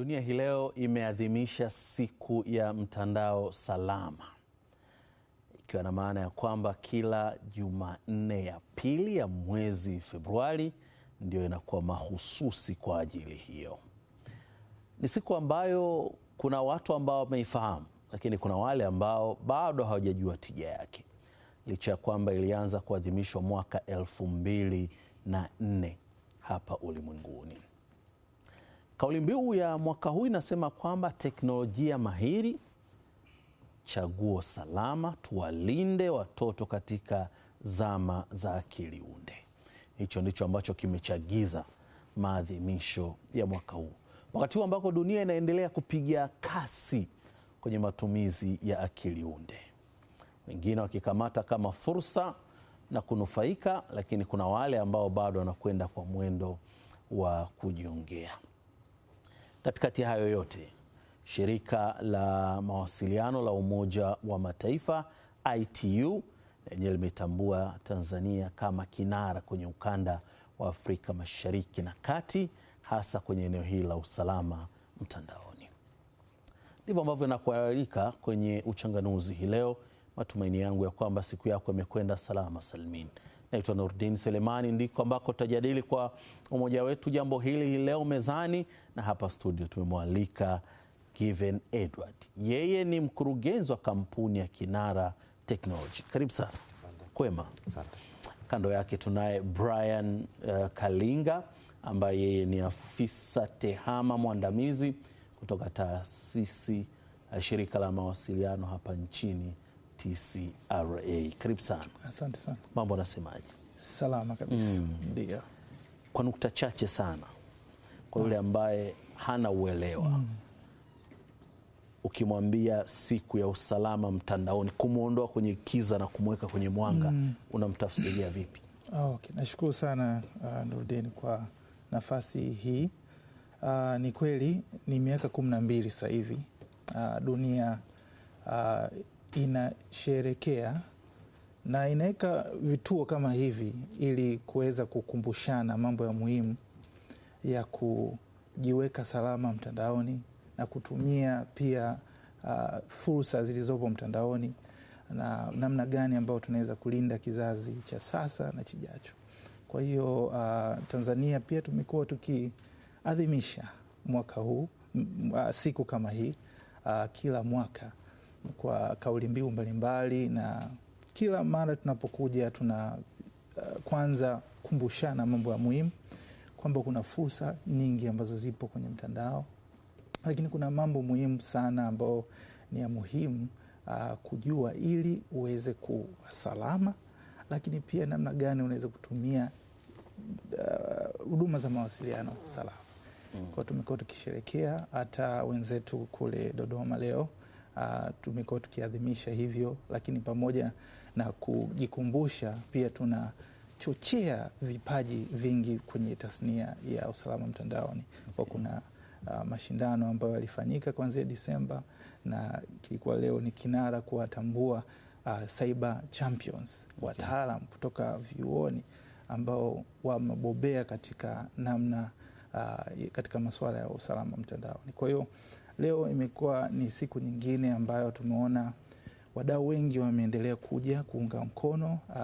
Dunia hii leo imeadhimisha siku ya mtandao salama, ikiwa na maana ya kwamba kila Jumanne ya pili ya mwezi Februari ndio inakuwa mahususi kwa ajili hiyo. Ni siku ambayo kuna watu ambao wameifahamu, lakini kuna wale ambao bado hawajajua tija yake, licha ya kwamba ilianza kuadhimishwa mwaka elfu mbili na nne hapa ulimwenguni. Kauli mbiu ya mwaka huu inasema kwamba teknolojia mahiri, chaguo salama, tuwalinde watoto katika zama za akili unde. Hicho ndicho ambacho kimechagiza maadhimisho ya mwaka huu, wakati huu ambako dunia inaendelea kupiga kasi kwenye matumizi ya akili unde, wengine wakikamata kama fursa na kunufaika, lakini kuna wale ambao bado wanakwenda kwa mwendo wa kujiongea. Katikati hayo yote, shirika la mawasiliano la Umoja wa Mataifa ITU lenyewe limetambua Tanzania kama kinara kwenye ukanda wa Afrika Mashariki na Kati, hasa kwenye eneo hili la usalama mtandaoni. Ndivyo ambavyo nakualika kwenye Uchanganuzi hii leo. Matumaini yangu ya kwamba siku yako imekwenda salama salmin. Naitwa Nurdin Selemani, ndiko ambako tutajadili kwa umoja wetu jambo hili leo mezani, na hapa studio tumemwalika Given Edward. Yeye ni mkurugenzi wa kampuni ya Kinara Technology. Karibu sana. Kwema. Asante. Kando yake tunaye Brian uh, Kalinga ambaye yeye ni afisa tehama mwandamizi kutoka taasisi uh, shirika la mawasiliano hapa nchini TCRA. Karibu sana. Asante sana. Mambo anasemaje? Salama kabisa. Mm. Ndio. Mm. Kwa nukta chache sana kwa yule mm. ambaye hana uelewa mm. Ukimwambia siku ya usalama mtandaoni, kumwondoa kwenye kiza na kumweka kwenye mwanga mm. unamtafsiria vipi? Ah, okay. Nashukuru sana uh, ah, Nurdin kwa nafasi hii uh, ni kweli ni miaka kumi na mbili sasa hivi uh, dunia uh, inasherekea na inaweka vituo kama hivi ili kuweza kukumbushana mambo ya muhimu ya kujiweka salama mtandaoni na kutumia pia uh, fursa zilizopo mtandaoni na namna gani ambayo tunaweza kulinda kizazi cha sasa na chijacho. Kwa hiyo uh, Tanzania pia tumekuwa tukiadhimisha mwaka huu uh, siku kama hii uh, kila mwaka kwa kauli mbiu mbalimbali, na kila mara tunapokuja tuna uh, kwanza kumbushana mambo ya muhimu kwamba kuna fursa nyingi ambazo zipo kwenye mtandao, lakini kuna mambo muhimu sana ambayo ni ya muhimu uh, kujua ili uweze kuwa salama, lakini pia namna gani unaweza kutumia eh, huduma uh, za mawasiliano salama. Mm. Kwa tumekuwa tukisherekea hata wenzetu kule Dodoma leo uh, tumekuwa tukiadhimisha hivyo, lakini pamoja na kujikumbusha pia tuna chochea vipaji vingi kwenye tasnia ya usalama mtandaoni kwa okay. Kuna uh, mashindano ambayo yalifanyika kuanzia Disemba na kilikuwa leo ni kinara kuwatambua uh, cyber champions okay. wataalam kutoka vyuoni ambao wamebobea katika namna uh, katika masuala ya usalama mtandaoni. Kwa hiyo Leo imekuwa ni siku nyingine ambayo tumeona wadau wengi wameendelea kuja kuunga mkono uh,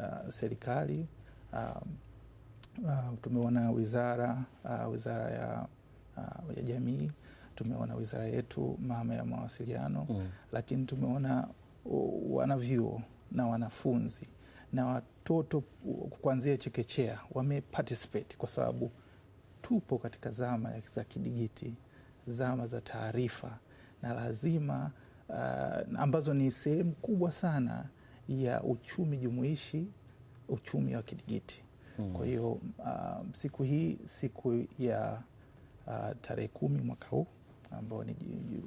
uh, serikali uh, uh, tumeona wizara uh, wizara ya, uh, ya jamii tumeona wizara yetu mama ya mawasiliano mm. Lakini tumeona wanavyuo na wanafunzi na watoto kuanzia chekechea wameparticipate kwa sababu tupo katika zama za kidigiti zama za taarifa na lazima uh, ambazo ni sehemu kubwa sana ya uchumi jumuishi, uchumi wa kidigiti mm. Kwa hiyo uh, siku hii siku ya uh, tarehe kumi mwaka huu ambao ni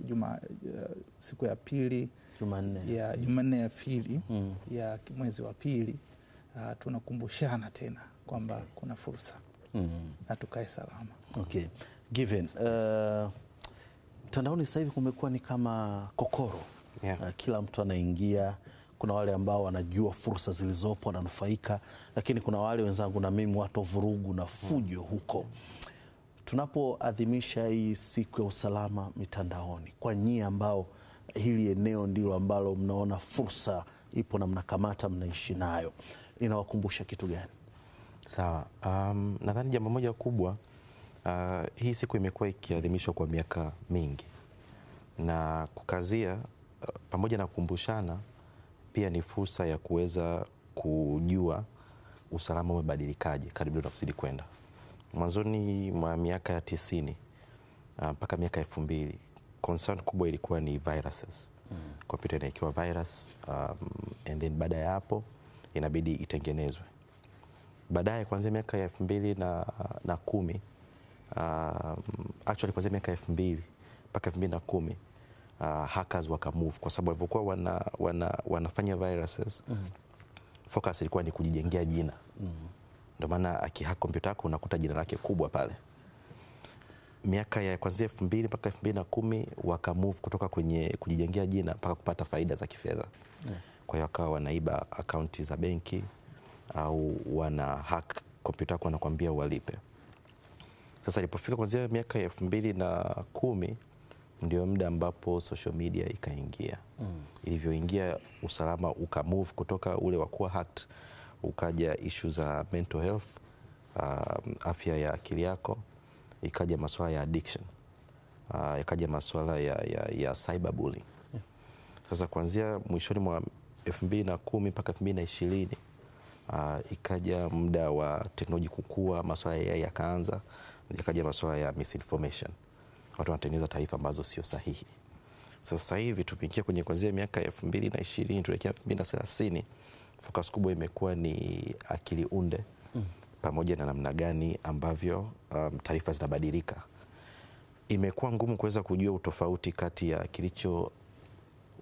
juma, uh, siku ya pili Jumanne ya Jumanne ya pili mm. ya mwezi wa pili uh, tunakumbushana tena kwamba kuna fursa mm. na tukae salama. Okay. Given, uh, yes mtandaoni sasa hivi kumekuwa ni kama kokoro yeah. Uh, kila mtu anaingia. Kuna wale ambao wanajua fursa zilizopo wananufaika, lakini kuna wale wenzangu na mimi watu wa vurugu na fujo huko. Tunapoadhimisha hii siku ya usalama mitandaoni, kwa nyie ambao hili eneo ndilo ambalo mnaona fursa ipo na mnakamata, mnaishi nayo, inawakumbusha kitu gani? Sawa. Um, nadhani jambo moja kubwa Uh, hii siku imekuwa ikiadhimishwa kwa miaka mingi na kukazia uh, pamoja na kukumbushana, pia ni fursa ya kuweza kujua usalama umebadilikaje kadri unavyozidi kwenda. Mwanzoni mwa miaka ya tisini ah, mpaka uh, miaka elfu mbili concern kubwa ilikuwa ni viruses mm. Kompyuta inaikiwa virus um, and then baada ya hapo inabidi itengenezwe. Baadaye kuanzia miaka ya elfu mbili na, na kumi uh, actually kuanzia miaka elfu mbili mpaka elfu mbili na kumi uh, hackers wakamove kwa sababu walivyokuwa wana, wana, wanafanya viruses mm -hmm. focus ilikuwa ni kujijengea jina mm -hmm. ndio maana akihack kompyuta yako unakuta jina lake kubwa pale miaka ya kuanzia elfu mbili mpaka elfu mbili na kumi move kutoka kwenye kujijengea jina mpaka kupata faida za kifedha yeah. kwa hiyo wakawa wanaiba akaunti za benki au wana hack kompyuta yako wanakuambia walipe mm. Sasa ilipofika kuanzia miaka ya elfu mbili na kumi ndio muda ambapo social media ikaingia. mm. Ilivyoingia usalama ukamove kutoka ule wa kuwa hacked ukaja issue za mental health, uh, afya ya akili yako, ikaja masuala ya addiction, uh, ikaja masuala ya, ya, ya cyberbullying. yeah. Sasa kuanzia mwishoni mwa 2010 mpaka 2020 uh, ikaja muda wa teknolojia kukua, masuala ya yakaanza yakaja masuala ya misinformation, watu wanatengeneza taarifa ambazo sio sahihi. Sasa hivi tumeingia kwenye kuanzia miaka elfu mbili na ishirini tuelekea elfu mbili na thelathini fokas kubwa imekuwa ni akili unde mm. pamoja na namna gani ambavyo um, taarifa zinabadilika. Imekuwa ngumu kuweza kujua utofauti kati ya kilicho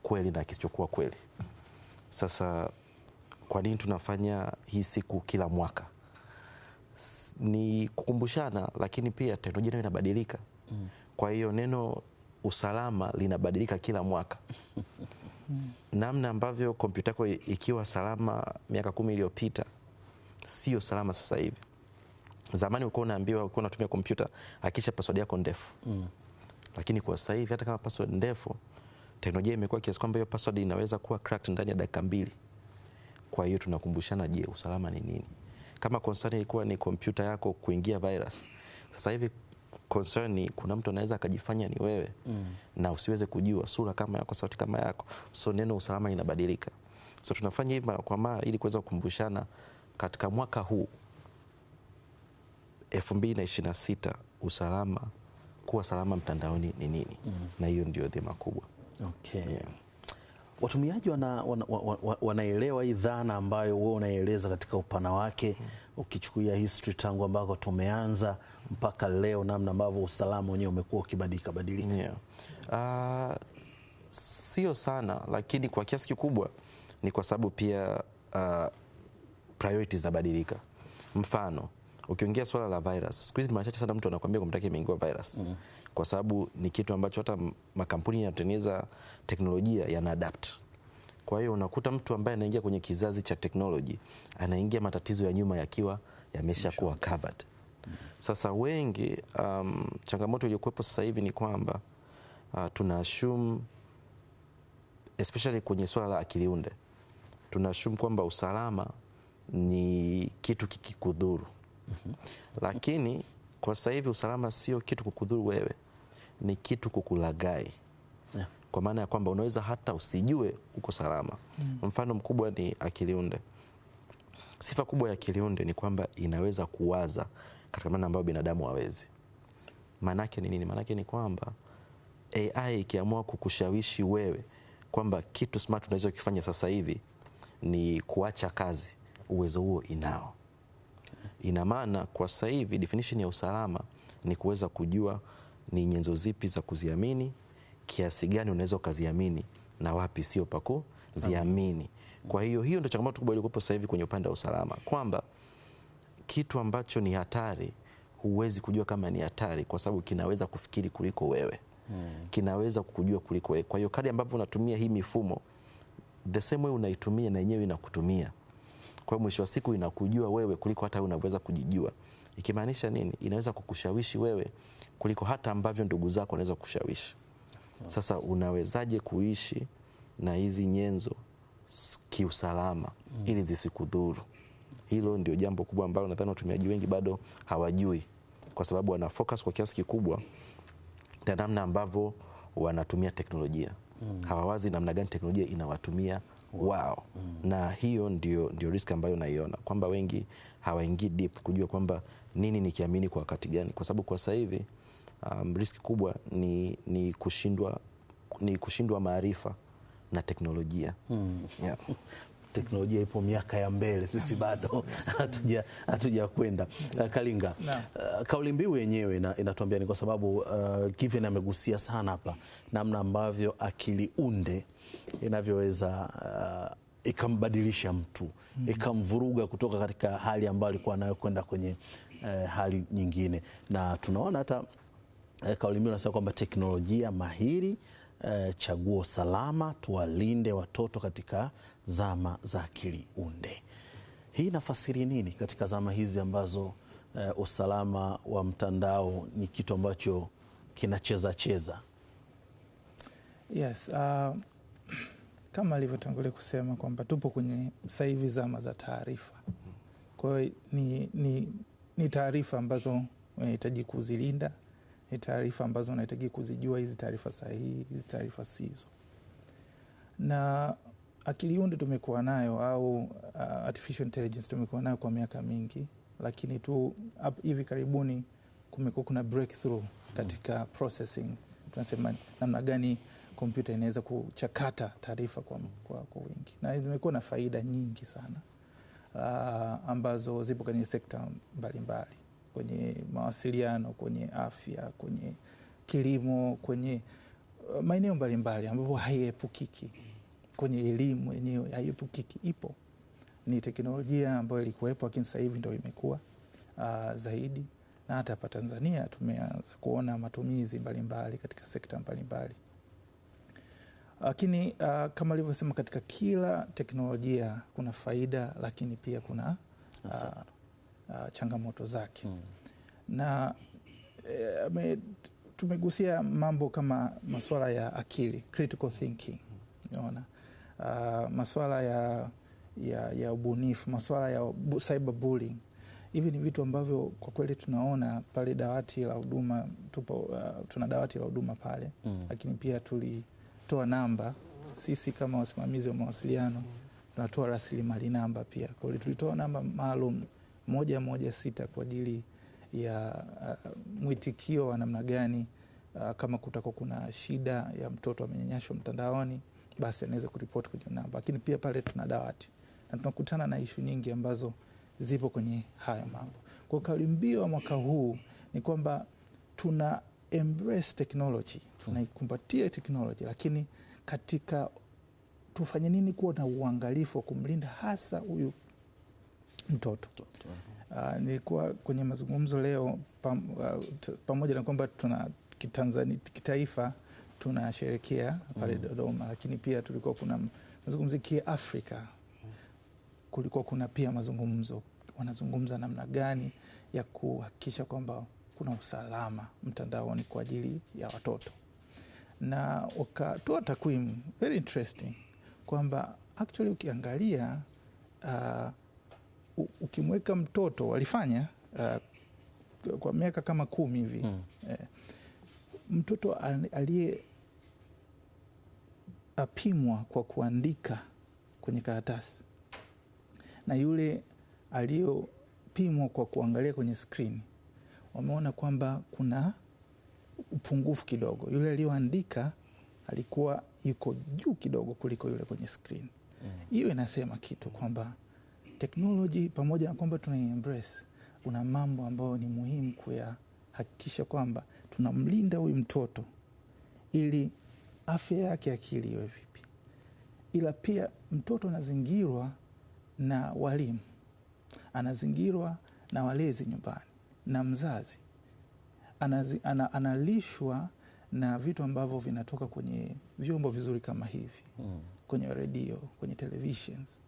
kweli na kisichokuwa kweli. Sasa kwa nini tunafanya hii siku kila mwaka? ni kukumbushana, lakini pia teknolojia nayo inabadilika. Kwa hiyo neno usalama linabadilika kila mwaka namna ambavyo kompyuta yako ikiwa salama miaka kumi iliyopita sio salama sasa hivi. Zamani ulikuwa unaambiwa, ulikuwa unatumia kompyuta hakikisha password yako ndefu mm. Lakini kwa sasa hivi hata kama password ndefu, teknolojia imekuwa kiasi kwamba hiyo password inaweza kuwa cracked ndani ya dakika mbili. Kwa hiyo tunakumbushana, je, usalama ni nini? Kama concern ilikuwa ni kompyuta yako kuingia virus, sasa hivi concern ni kuna mtu anaweza akajifanya ni wewe mm. na usiweze kujua sura kama yako, sauti kama yako, so neno usalama linabadilika. So tunafanya hivi mara kwa mara ili kuweza kukumbushana. Katika mwaka huu 2026 usalama, kuwa salama mtandaoni ni nini? mm. na hiyo ndio dhima kubwa. okay. yeah watumiaji wanaelewa wana, wana, hii dhana ambayo wewe unaeleza katika upana wake hmm. Ukichukulia history tangu ambako tumeanza mpaka leo, namna ambavyo usalama wenyewe umekuwa ukibadilika badilika. Yeah. Uh, sio sana, lakini kwa kiasi kikubwa ni kwa sababu pia uh, priorities zinabadilika. Mfano, ukiongea swala la virus siku hizi machache sana mtu anakuambia kwamba imeingiwa virus mm kwa sababu ni kitu ambacho hata makampuni yanatengeneza teknolojia yana adapt. Kwa hiyo unakuta mtu ambaye anaingia kwenye kizazi cha teknoloji anaingia matatizo ya nyuma yakiwa kuwa covered. Sasa wengi um, changamoto iliyokuwepo sasa hivi ni kwamba uh, tuna assume especially kwenye swala la akiliunde tuna assume kwamba usalama ni kitu kikikudhuru, mhm. lakini kwa sasa hivi usalama sio kitu kukudhuru wewe ni kitu kukulagai yeah. Kwa maana ya kwamba unaweza hata usijue uko salama mm. Mfano mkubwa ni akiliunde. Sifa kubwa ya akiliunde ni kwamba inaweza kuwaza katika maana ambayo binadamu hawezi. Maanake ni nini? Maanake ni kwamba AI ikiamua kukushawishi wewe kwamba kitu smart unaweza kufanya sasa hivi ni kuacha kazi, uwezo huo inao. Mm. Ina maana kwa sasa hivi definition ya usalama ni kuweza kujua ni nyenzo zipi za kuziamini, kiasi gani unaweza ukaziamini na wapi sio paku ziamini. Kwa hiyo hiyo ndio changamoto kubwa iliyokuwepo sasa hivi kwenye upande wa usalama, kwamba kitu ambacho ni hatari huwezi kujua kama ni hatari, kwa sababu kinaweza kufikiri kuliko wewe hmm. kinaweza kukujua kuliko wewe. Kwa hiyo kadri ambavyo unatumia hii mifumo the same way unaitumia na yenyewe inakutumia. Kwa hiyo mwisho wa siku inakujua wewe kuliko hata unavyoweza kujijua. Ikimaanisha nini? Inaweza kukushawishi wewe kuliko hata ambavyo ndugu zako wanaweza kukushawishi. Sasa unawezaje kuishi na hizi nyenzo kiusalama ili zisikudhuru? Hilo ndio jambo kubwa ambalo nadhani watumiaji wengi bado hawajui, kwa sababu wana focus kwa kiasi kikubwa na namna ambavyo wanatumia teknolojia mm. Hawawazi namna gani teknolojia inawatumia wao mm. Na hiyo ndio, ndio risk ambayo naiona kwamba wengi hawaingii deep kujua kwamba nini nikiamini kwa wakati gani, kwa sababu kwa sasa hivi um, riski kubwa ni, ni kushindwa ni kushindwa maarifa na teknolojia hmm. yeah. Teknolojia ipo miaka ya mbele, sisi bado hatuja kwenda. Uh, Kalinga, uh, kauli mbiu yenyewe inatuambia ni kwa sababu uh, Given amegusia sana hapa namna ambavyo akili unde inavyoweza uh, ikambadilisha mtu hmm. ikamvuruga kutoka katika hali ambayo alikuwa nayo kwenda kwenye eh, hali nyingine, na tunaona hata eh, kauli mbiu nasema kwamba teknolojia mahiri eh, chaguo salama, tuwalinde watoto katika zama za akili unde. Hii inafasiri nini katika zama hizi ambazo eh, usalama wa mtandao ni kitu ambacho kinacheza cheza? Yes, uh, kama alivyotangulia kusema kwamba tupo kwenye sasa hivi zama za taarifa. Kwa hiyo ni, ni ni taarifa ambazo unahitaji kuzilinda, ni taarifa ambazo unahitaji kuzijua, hizi taarifa sahihi, hizi taarifa sizo. Na akili unde tumekuwa nayo au uh, artificial intelligence tumekuwa nayo kwa miaka mingi, lakini tu up, hivi karibuni kumekuwa kuna breakthrough katika processing, tunasema namna gani kompyuta inaweza kuchakata taarifa kwa, kwa, kwa wingi, na imekuwa na faida nyingi sana uh, ambazo zipo kwenye sekta mbalimbali, kwenye mawasiliano, kwenye afya, kwenye kilimo, kwenye uh, maeneo mbalimbali ambapo haiepukiki, kwenye elimu yenyewe haiepukiki, ipo ni teknolojia ambayo ilikuwepo, lakini sasa hivi imekuwa uh, zaidi na hata hapa Tanzania tumeanza kuona matumizi mbalimbali mbali katika sekta mbalimbali mbali. Lakini uh, kama alivyosema katika kila teknolojia kuna faida, lakini pia kuna uh, uh, changamoto zake mm. na eh, me, tumegusia mambo kama masuala ya akili critical thinking, unaona uh, masuala ya, ya, ya ubunifu, masuala ya cyberbullying hivi ni vitu ambavyo kwa kweli tunaona pale dawati la huduma tupo, uh, tuna dawati la huduma pale mm. lakini pia tuli kutoa namba, sisi kama wasimamizi wa mawasiliano tunatoa rasilimali namba pia. Kwa hiyo tulitoa namba maalum moja moja sita kwa ajili ya uh, mwitikio wa namna gani uh, kama kutaka kuna shida ya mtoto amenyanyashwa mtandaoni, basi anaweza kuripoti kwenye namba. Lakini pia pale tuna dawati na tunakutana na ishu nyingi ambazo zipo kwenye haya mambo. Kwa kauli mbiu wa mwaka huu ni kwamba tuna embrace technology, tunaikumbatia mm. technology, lakini katika tufanye nini kuwa na uangalifu wa kumlinda hasa huyu mtoto. Uh, nilikuwa kwenye mazungumzo leo pam, uh, pamoja na kwamba tuna kitanzania kitaifa tunasherekea pale mm. Dodoma, lakini pia tulikuwa kuna mazungumzo kiafrika, kulikuwa kuna pia mazungumzo wanazungumza namna gani ya kuhakikisha kwamba kuna usalama mtandaoni kwa ajili ya watoto, na wakatoa takwimu very interesting kwamba actually ukiangalia uh, ukimweka mtoto walifanya uh, kwa miaka kama kumi hivi mm. eh, mtoto aliye apimwa kwa kuandika kwenye karatasi na yule aliyopimwa kwa kuangalia kwenye skrini wameona kwamba kuna upungufu kidogo. Yule aliyoandika alikuwa yuko juu kidogo kuliko yule kwenye screen. Mm. Hiyo mm. inasema kitu kwamba teknoloji, pamoja na kwamba tuna embrace, kuna mambo ambayo ni muhimu kuyahakikisha kwamba tunamlinda huyu mtoto ili afya yake akili iwe vipi, ila pia mtoto anazingirwa na walimu, anazingirwa na walezi nyumbani na mzazi anazi, ana, analishwa na vitu ambavyo vinatoka kwenye vyombo vizuri kama hivi mm. kwenye redio, kwenye televisions.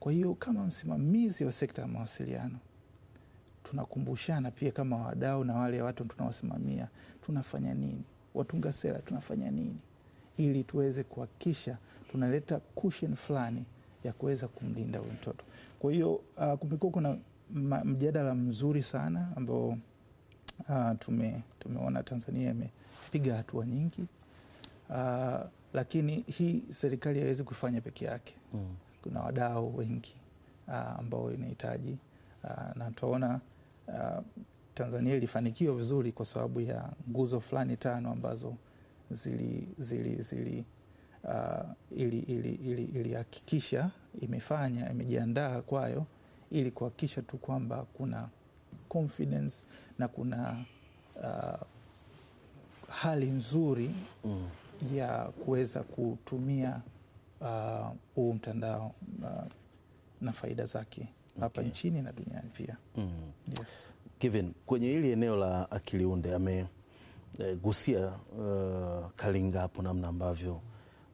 Kwa hiyo kama msimamizi wa sekta ya mawasiliano tunakumbushana pia kama wadau na wale watu tunawasimamia, tunafanya nini, watunga sera tunafanya nini, ili tuweze kuhakikisha tunaleta cushion fulani ya kuweza kumlinda huyu mtoto. Kwa hiyo uh, kumekuwa kuna mjadala mzuri sana ambao uh, tume, tumeona Tanzania imepiga hatua nyingi uh, lakini hii serikali haiwezi kufanya peke yake mm. Kuna wadau wengi uh, ambao inahitaji uh, na tunaona uh, Tanzania ilifanikiwa vizuri kwa sababu ya nguzo fulani tano ambazo zili, zili, zili uh, ilihakikisha ili, ili, ili imefanya imejiandaa kwayo ili kuhakikisha tu kwamba kuna confidence na kuna uh, hali nzuri mm. ya kuweza kutumia ah, huu uh, mtandao uh, na faida zake hapa okay. nchini na duniani pia mm. yes. Kevin, kwenye hili eneo la akili unde amegusia eh, uh, eh, Kalinga hapo namna ambavyo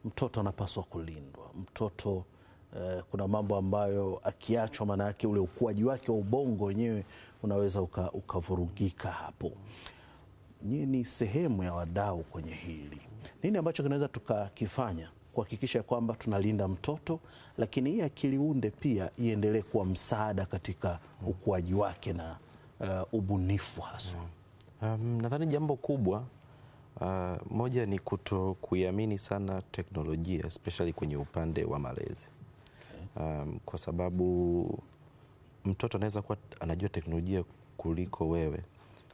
mtoto anapaswa kulindwa, mtoto Eh, kuna mambo ambayo akiachwa, maana yake ule ukuaji wake wa ubongo wenyewe unaweza ukavurugika uka hapo. Nyinyi ni sehemu ya wadau kwenye hili, nini ambacho kinaweza tukakifanya kuhakikisha kwamba tunalinda mtoto, lakini hii akili unde pia iendelee kuwa msaada katika ukuaji wake na uh, ubunifu haswa. Mm. Um, nadhani jambo kubwa uh, moja ni kuto kuiamini sana teknolojia especially kwenye upande wa malezi um, kwa sababu mtoto anaweza kuwa anajua teknolojia kuliko wewe,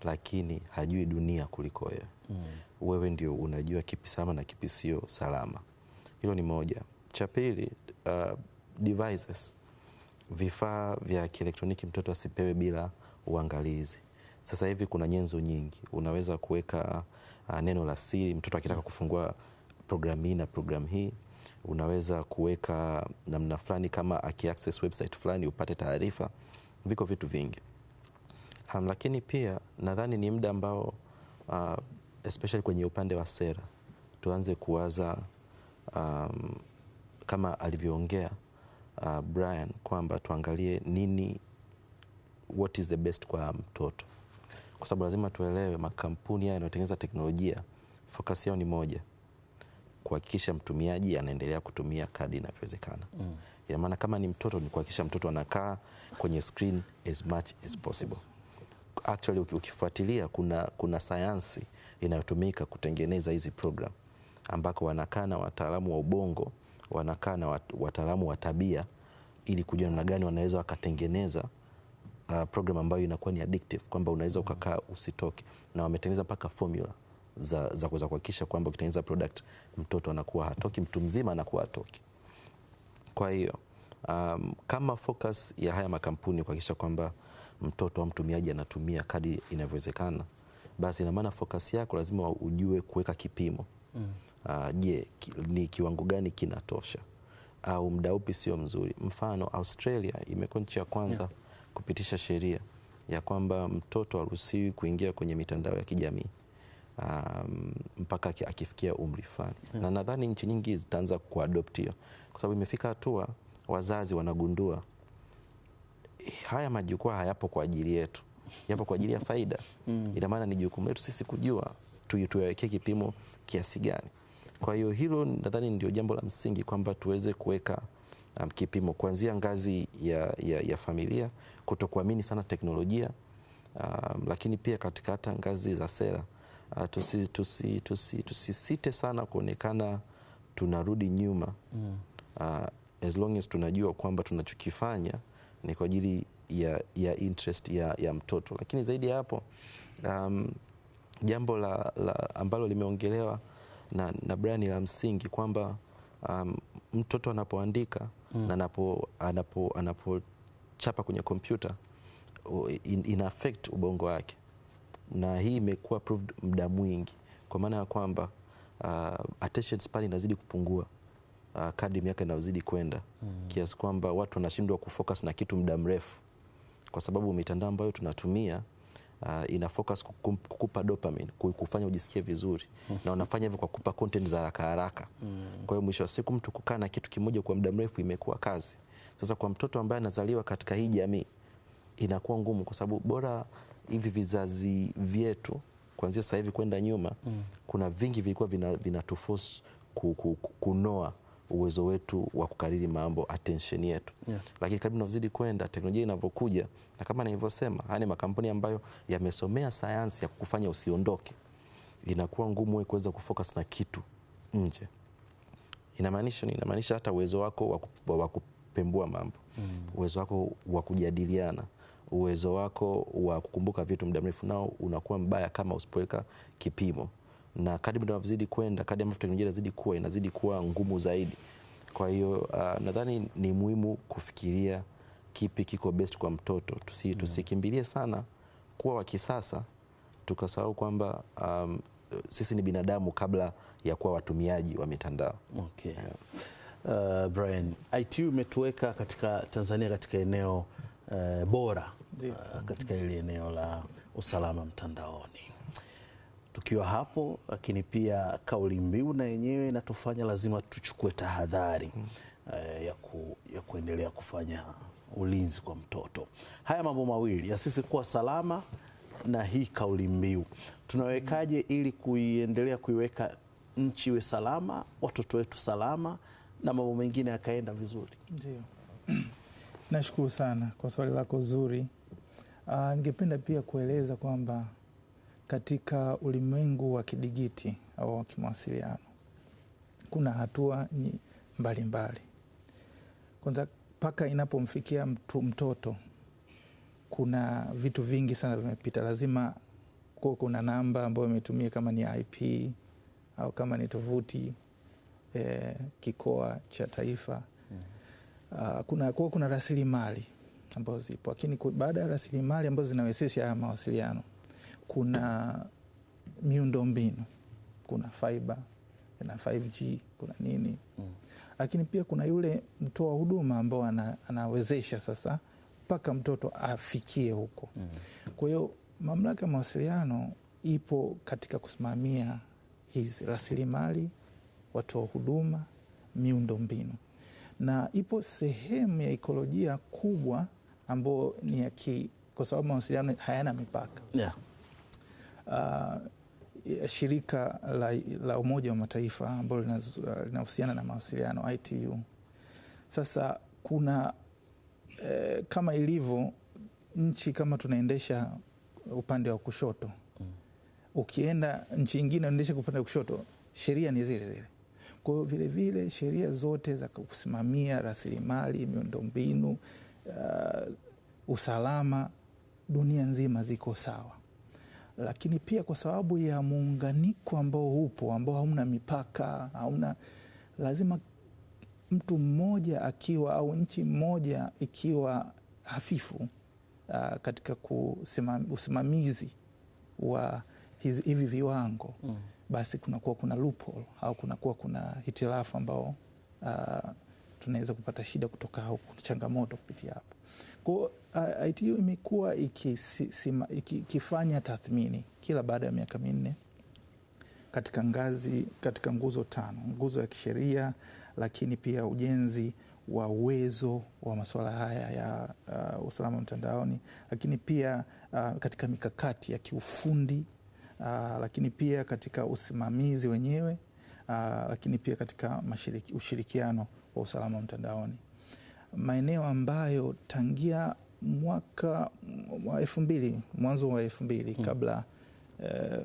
lakini hajui dunia kuliko wewe mm. Wewe ndio unajua kipi salama na kipi sio salama. Hilo ni moja. Cha pili, uh, devices, vifaa vya kielektroniki mtoto asipewe bila uangalizi. Sasa hivi kuna nyenzo nyingi, unaweza kuweka uh, neno la siri, mtoto akitaka kufungua programu hii na programu hii unaweza kuweka namna fulani, kama akiaccess website fulani upate taarifa, viko vitu vingi um, lakini pia nadhani ni muda ambao uh, especially kwenye upande wa sera tuanze kuwaza um, kama alivyoongea uh, Brian kwamba tuangalie nini, what is the best kwa mtoto, kwa sababu lazima tuelewe makampuni haya yanayotengeneza teknolojia fokasi yao ni moja kuhakikisha mtumiaji anaendelea kutumia kadi inavyowezekana. Mm. Ina maana kama ni mtoto ni kuhakikisha mtoto anakaa kwenye screen as much as possible. Actually ukifuatilia kuna, kuna sayansi inayotumika kutengeneza hizi program ambako wanakaa na wataalamu wa ubongo, wanakaa na wataalamu wa tabia ili kujua namna gani wanaweza wakatengeneza uh, program ambayo inakuwa ni addictive kwamba unaweza ukakaa usitoke, na wametengeneza mpaka formula za, za kuweza kuhakikisha kwamba ukitengeneza product mtoto anakuwa hatoki, mtu mzima anakuwa hatoki. Kwa hiyo um, kama focus ya haya makampuni kuhakikisha kwamba mtoto au mtumiaji anatumia kadi inavyowezekana, basi ina maana focus yako lazima ujue kuweka kipimo mm. Uh, je, ki, ni kiwango gani kinatosha au muda upi sio mzuri? Mfano, Australia imekuwa nchi ya kwanza yeah. kupitisha sheria ya kwamba mtoto haruhusiwi kuingia kwenye mitandao ya kijamii um, mpaka akifikia umri fulani yeah. Na nadhani nchi nyingi zitaanza kuadopt hiyo, kwa sababu imefika hatua wazazi wanagundua haya majukwaa hayapo kwa ajili yetu, yapo kwa ajili ya faida mm. Ina maana ni jukumu letu sisi kujua tuyawekee kipimo kiasi gani. Kwa hiyo hilo nadhani ndio jambo la msingi kwamba tuweze kuweka um, kipimo kuanzia ngazi ya, ya, ya familia, kutokuamini sana teknolojia um, lakini pia katika hata ngazi za sera tusisite ah, tusi, tusi, tusi sana kuonekana tunarudi nyuma mm. Uh, as long as tunajua kwamba tunachokifanya ni kwa ajili ya, ya interest ya, ya mtoto, lakini zaidi ya hapo um, jambo la, la ambalo limeongelewa na, na Brian la msingi kwamba um, mtoto anapoandika mm. na anapo, anapo, anapochapa kwenye kompyuta in, in affect ubongo wake na hii imekuwa proved muda mwingi, kwa maana ya kwamba uh, attention span inazidi kupungua uh, kadri miaka inazidi kwenda mm. kiasi kwamba watu wanashindwa kufocus na kitu muda mrefu, kwa sababu mitandao ambayo tunatumia uh, ina focus kukupa dopamine, kukufanya ujisikie vizuri mm -hmm. na wanafanya hivyo kwa kupa content za haraka haraka mm. kwa hiyo mwisho wa siku mtu kukaa na kitu kimoja kwa muda mrefu imekuwa kazi. Sasa kwa mtoto ambaye anazaliwa katika hii jamii inakuwa ngumu, kwa sababu bora hivi vizazi vyetu kuanzia sasa hivi kwenda nyuma mm. kuna vingi vilikuwa vinatufos vina ku, ku, kunoa uwezo wetu wa kukariri mambo attention yetu yeah. Lakini kadri tunavyozidi kwenda, teknolojia inavyokuja, na kama nilivyosema, haya makampuni ambayo yamesomea sayansi ya kukufanya usiondoke, inakuwa ngumu wewe kuweza kufocus na kitu nje. Inamaanisha inamaanisha hata uwezo wako wa kupembua mambo mm. uwezo wako wa kujadiliana uwezo wako wa kukumbuka vitu muda mrefu nao unakuwa mbaya kama usipoweka kipimo, na kadri muda unavyozidi kwenda, kadri ambavyo teknolojia inazidi kuwa inazidi kuwa ngumu zaidi. Kwa hiyo uh, nadhani ni muhimu kufikiria kipi kiko best kwa mtoto, tusi, mm. tusikimbilie sana kuwa wa kisasa tukasahau kwamba um, sisi ni binadamu kabla ya kuwa watumiaji wa mitandao. Okay. Yeah. Uh, Brian, ITU imetuweka katika Tanzania katika eneo uh, bora uh, katika ile eneo la usalama mtandaoni. Tukiwa hapo, lakini pia kauli mbiu na yenyewe inatufanya lazima tuchukue tahadhari uh, ya, ku, ya kuendelea kufanya ulinzi kwa mtoto. Haya mambo mawili ya sisi kuwa salama na hii kauli mbiu tunawekaje ili kuiendelea kuiweka nchi iwe salama, watoto wetu salama, na mambo mengine yakaenda vizuri? Ndio. Nashukuru sana kwa swali lako zuri Uh, ningependa pia kueleza kwamba katika ulimwengu wa kidigiti au wa kimawasiliano kuna hatua mbalimbali. Kwanza mpaka inapomfikia mtu, mtoto kuna vitu vingi sana vimepita. Lazima kuwa kuna namba ambayo imetumia kama ni IP au kama ni tovuti eh, kikoa cha taifa. Uh, kuna kuwa kuna rasilimali ambazo zipo, lakini baada ya rasilimali ambazo zinawezesha haya mawasiliano, kuna miundombinu, kuna faiba na 5G kuna nini mm. Lakini pia kuna yule mtoa huduma ambao ana, anawezesha sasa mpaka mtoto afikie huko mm. Kwa hiyo mamlaka ya mawasiliano ipo katika kusimamia hizi rasilimali, watoa huduma, miundo mbinu, na ipo sehemu ya ikolojia kubwa ambayo ni ya ki, kwa sababu mawasiliano hayana mipaka yeah. Uh, shirika la, la Umoja wa Mataifa ambalo uh, linahusiana na mawasiliano ITU. Sasa kuna eh, kama ilivyo nchi kama tunaendesha upande wa kushoto mm. Ukienda nchi nyingine unaendesha upande wa kushoto, sheria ni zile zile. Kwa hiyo vilevile sheria zote za kusimamia rasilimali, miundombinu uh, usalama dunia nzima ziko sawa, lakini pia kwa sababu ya muunganiko ambao upo ambao hauna mipaka, hauna lazima mtu mmoja akiwa au nchi mmoja ikiwa hafifu uh, katika kusimam, usimamizi wa hizi, hivi viwango mm. Basi kunakuwa kuna loophole au kunakuwa kuna hitilafu ambao uh, tunaweza kupata shida kutoka huku, changamoto kupitia hapo. Kwa ITU imekuwa ikifanya iki, tathmini kila baada ya miaka minne katika ngazi katika nguzo tano, nguzo ya kisheria, lakini pia ujenzi wa uwezo wa masuala haya ya uh, usalama mtandaoni, lakini pia uh, katika mikakati ya kiufundi uh, lakini pia katika usimamizi wenyewe uh, lakini pia katika ushirikiano wa usalama mtandaoni, maeneo ambayo tangia mwaka wa elfu mbili mwanzo wa elfu mbili mm. kabla eh,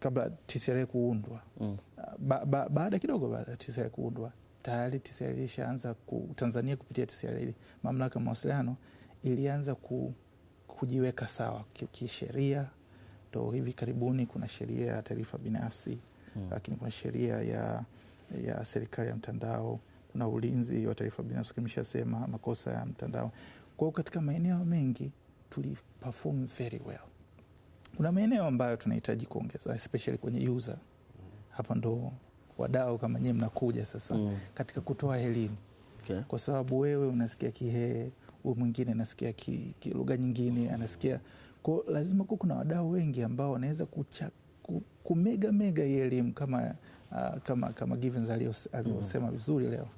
kabla TCRA kuundwa mm. ba, ba, baada kidogo baada ya TCRA kuundwa tayari TCRA ilishaanza ku, Tanzania kupitia TCRA mamlaka ya mawasiliano ilianza ku, kujiweka sawa kisheria. Ndo hivi karibuni kuna sheria ya taarifa binafsi mm. lakini kuna sheria ya ya serikali ya mtandao, kuna ulinzi wa taarifa binafsi, kimeshasema makosa ya mtandao. Kwa hiyo katika maeneo mengi tuli perform very well. Kuna maeneo ambayo tunahitaji kuongeza especially kwenye user. Hapa ndo wadau kama nyie mnakuja sasa mm. katika kutoa elimu okay. kwa sababu wewe unasikia Kihee, huyu mwingine anasikia ki, ki lugha nyingine mm. anasikia kwa lazima ku kuna wadau wengi ambao wanaweza kumega mega hii elimu kama Uh, kama, kama Givens alivyosema mm-hmm. vizuri leo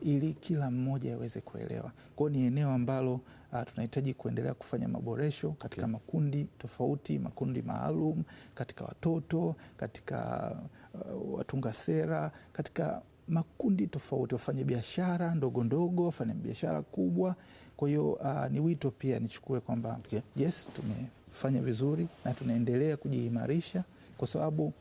ili kila mmoja aweze kuelewa. Kwa hiyo ni eneo ambalo uh, tunahitaji kuendelea kufanya maboresho katika okay, makundi tofauti, makundi maalum, katika watoto, katika uh, watunga sera, katika makundi tofauti, wafanye biashara ndogo ndogo, wafanye biashara kubwa. Kwa hiyo uh, ni wito pia nichukue kwamba okay, yes tumefanya vizuri na tunaendelea kujiimarisha kwa sababu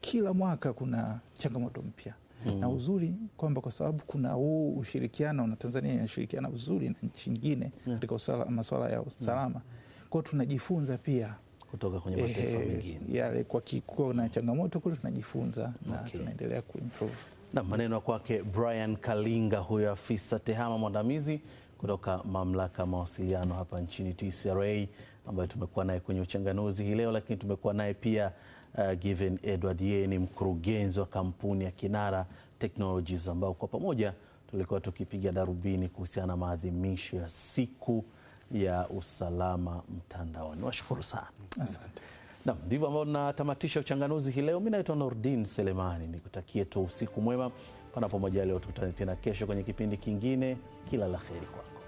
kila mwaka kuna changamoto mpya mm. na mm-hmm. uzuri kwamba kwa sababu kuna huu ushirikiano na Tanzania inashirikiana uzuri na nchi nyingine katika yeah. masuala ya usalama yeah. Mm-hmm. kwao tunajifunza pia kutoka kwenye mataifa mengine yale kwa kikuwa na changamoto kule tunajifunza na okay. tunaendelea kuimprove. Na maneno kwake Brian Kalinga, huyo afisa tehama mwandamizi kutoka mamlaka mawasiliano hapa nchini TCRA, ambayo tumekuwa naye kwenye uchanganuzi hii leo, lakini tumekuwa naye pia uh, Given Edward, yeye ni mkurugenzi wa kampuni ya Kinara Technologies, ambao kwa pamoja tulikuwa tukipiga darubini kuhusiana na maadhimisho ya siku ya usalama mtandaoni. Washukuru sana, asante. Naam, ndivyo ambavyo tunatamatisha uchanganuzi hii leo. Mimi naitwa Nordin Selemani, nikutakie tu usiku mwema, panapo majaliwa tukutane tena kesho kwenye kipindi kingine. Kila la heri kwako.